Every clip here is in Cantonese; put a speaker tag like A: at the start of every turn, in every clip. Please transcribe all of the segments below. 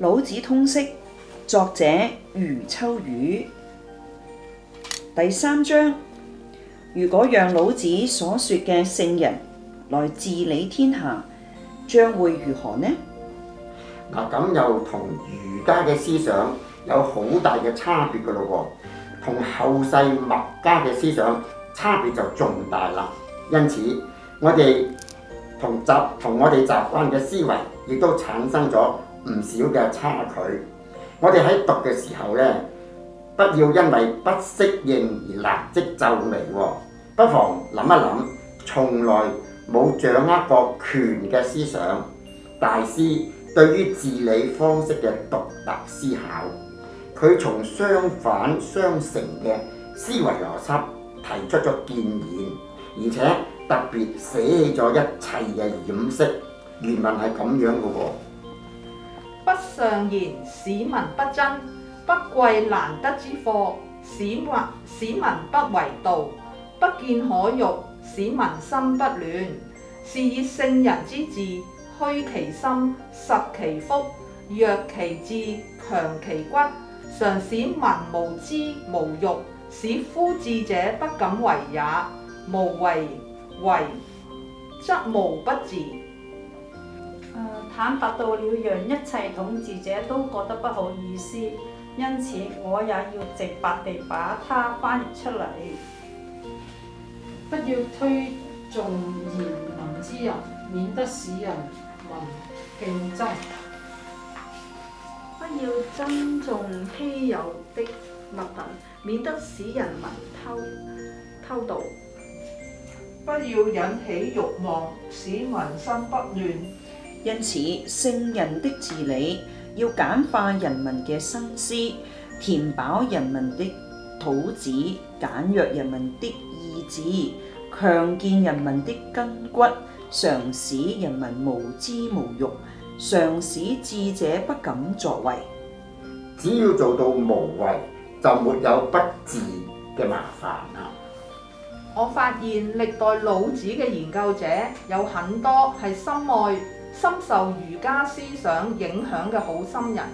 A: 老子通釋作者余秋雨第三章，如果讓老子所說嘅聖人來治理天下，將會如何
B: 呢？嗱、啊，咁又同儒家嘅思想有好大嘅差別㗎喇喎，同後世墨家嘅思想差別就重大啦。因此，我們，我哋同習同我哋習慣嘅思維，亦都產生咗。唔少嘅差距，我哋喺讀嘅時候呢，不要因為不適應而立即皺眉，不妨諗一諗從來冇掌握過權嘅思想大師對於治理方式嘅獨特思考，佢從相反相成嘅思維邏輯提出咗建議，而且特別捨棄咗一切嘅掩飾，原文係咁樣嘅喎。
C: 不尚賢，使民不爭；不貴難得之貨，使民使民不為盜；不見可欲，使民心不亂。是以聖人之治，虛其心，實其腹，弱其志，強其骨。常使民無知無欲，使夫智者不敢為也。無為，為，則無不治。
A: 呃，坦白到了，讓一切統治者都覺得不好意思，因此我也要直白地把它翻譯出嚟。不要推重賢能之人，免得使人民競爭。不要珍重稀有的物品，免得使人民偷偷盜。不要引起慾望，使民心不亂。因此，聖人的治理要簡化人民嘅心思，填飽人民的肚子，簡約人民的意志，強健人民的筋骨，常使人民無知無欲，
B: 常使智者不敢作為。只要做到無為，就沒有不治嘅麻煩啦。
A: 我發現
C: 歷代老子嘅研究者有很多係深愛。深受儒家思想影響嘅好心人，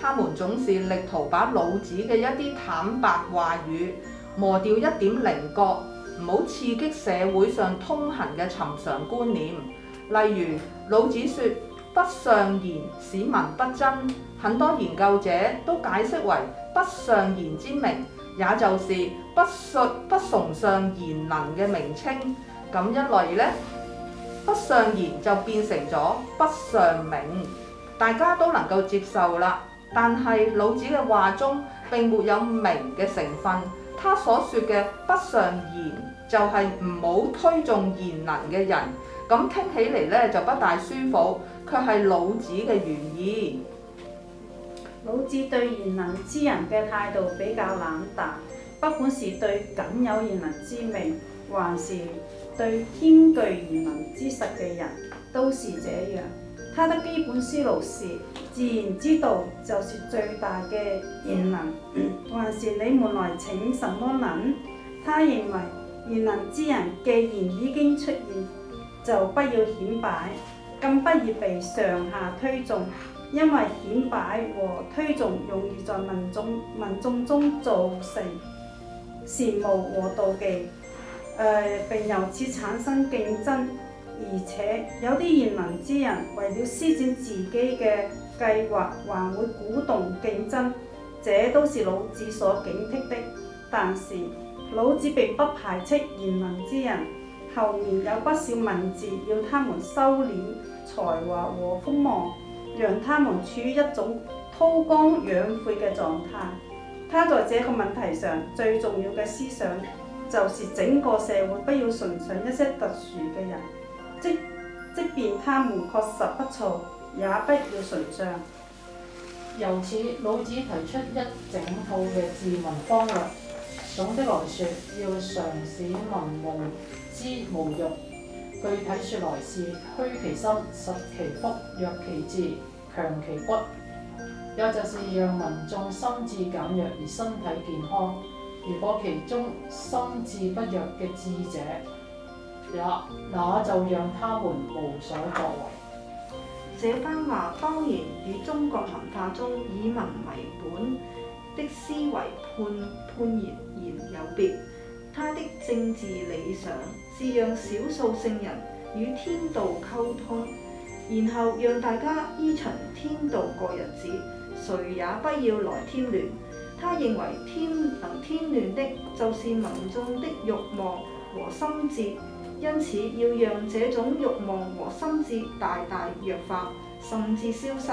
C: 他們總是力圖把老子嘅一啲坦白話語磨掉一點稜角，唔好刺激社會上通行嘅尋常觀念。例如，老子說不尚賢，使民不爭。很多研究者都解釋為不尚賢之名，也就是不述不崇尚賢能嘅名稱，咁一嚟咧？不尚賢就變成咗不尚名，大家都能夠接受啦。但係老子嘅話中並沒有名嘅成分，他所說嘅不尚賢就係唔好推崇賢能嘅人，咁聽起嚟咧就不大舒服，卻係
A: 老子嘅原意。老子對賢能之人嘅態度比較冷淡，不管是對僅有賢能之名。還是對兼具賢能之實嘅人，都是這樣。他的基本思路是：自然之道就是最大嘅賢能。嗯、還是你們來請什麼能？他認為賢能之人既然已經出現，就不要顯擺，更不宜被上下推重，因為顯擺和推重容易在民眾民眾中造成羨慕和妒忌。誒、呃、並由此產生競爭，而且有啲賢能之人為了施展自己嘅計劃，還會鼓動競爭，這都是老子所警惕的。但是老子並不排斥賢能之人，後面有不少文字要他們修煉才華和鋒芒，讓他們處於一種韜光養晦嘅狀態。他在這個問題上最重要嘅思想。就是整個社會不要崇尚一些特殊嘅人，即即便他們確實不錯，也不要崇尚。由此，老子提出一整套嘅治民方略。總的來說，要常使民無知無欲。具體說來是，是虛其心，實其腹，弱其志，強其骨，也就是讓民眾心智減弱而身體健康。如果其中心智不弱嘅智者，也那就讓他們無所作為。這番話當然與中國文化中以民為本的思維判判然然有別，他的政治理想是讓少數聖人與天道溝通，然後讓大家依循天道過日子，誰也不要來添亂。他認為添能添亂的，就是民眾的欲望和心智，因此要讓這種欲望和心智大大弱化，甚至消失。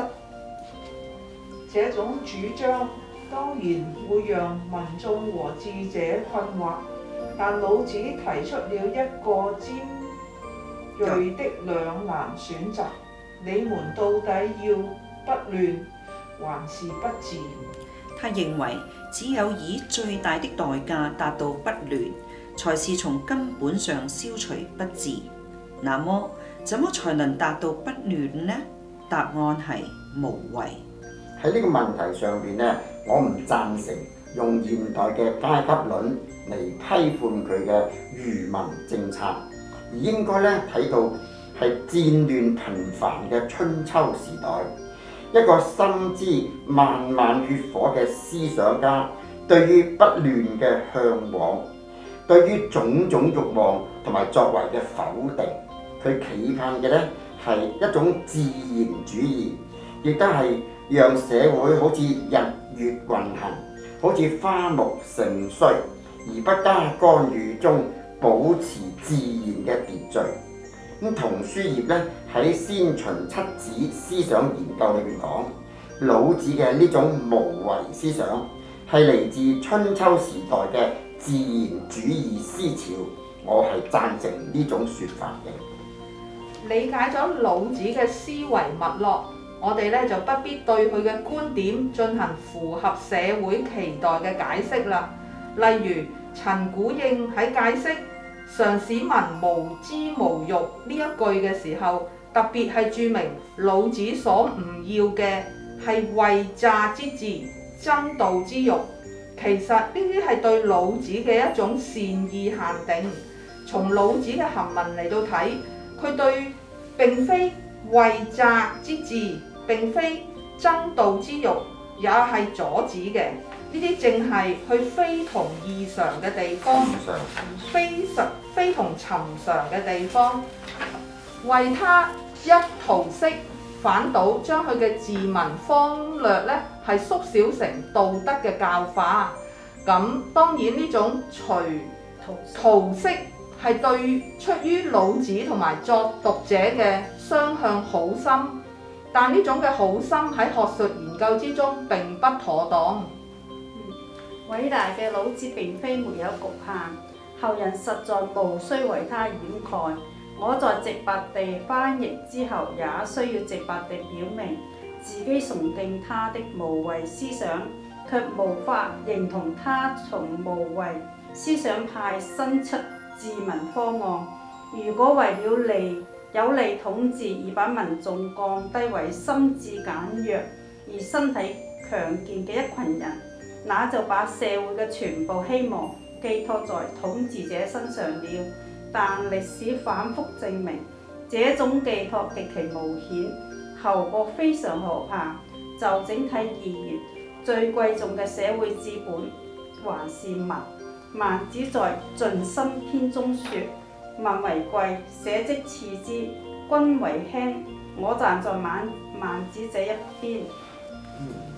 A: 這種主張當然
C: 會讓民眾和智者困惑，但老子提出了一個尖銳的兩難選擇：你們到底要不亂，還是不治？
A: 他認為只有以最大的代價達到不亂，才是從根本上消除不治。那麼，怎麼才能達到不亂呢？答案係無為。
B: 喺呢個問題上邊呢，我唔贊成用現代嘅階級論嚟批判佢嘅愚民政策，而應該咧睇到係戰亂頻繁嘅春秋時代。一個深知漫漫血火嘅思想家，對於不亂嘅嚮往，對於種種慾望同埋作為嘅否定，佢企盼嘅呢，係一種自然主義，亦都係讓社會好似日月運行，好似花木盛衰而不加干預中保持自然嘅秩序。咁童書業咧喺《先秦七子思想研究》裏邊講，老子嘅呢種無為思想係嚟自春秋時代嘅自然主義思潮，我係贊成呢種說法嘅。
C: 理解咗老子嘅思維脈絡，我哋咧就不必對佢嘅觀點進行符合社會期待嘅解釋啦。例如陳鼓應喺解釋常使民無知無欲呢一句嘅時候，特別係注明老子所唔要嘅係為詐之智、爭道之欲。其實呢啲係對老子嘅一種善意限定。從老子嘅行文嚟到睇，佢對並非為詐之智，並非爭道之欲，也係阻止嘅。呢啲正係佢非同異常嘅地方，常非常非同尋常嘅地方。為他一圖式，反倒將佢嘅治民方略咧係縮小成道德嘅教化。咁當然呢種除圖式係對出於老子同埋作讀者嘅雙向好心，但呢種嘅好心喺學術研究之中並不妥當。
A: 偉大嘅老子並非沒有局限，後人實在無需為他掩蓋。我在直白地翻譯之後，也需要直白地表明自己崇敬他的無為思想，卻無法認同他從無為思想派生出治民方案。如果為了利有利統治而把民眾降低為心智簡弱而身體強健嘅一群人，那就把社會嘅全部希望寄託在統治者身上了，但歷史反覆證明，這種寄託極其冒險，後果非常可怕。就整體而言，最貴重嘅社會資本還是民。孟子在《盡心篇》中說：“民為貴，社稷次之，君為輕。我”我站在孟孟子這一邊。嗯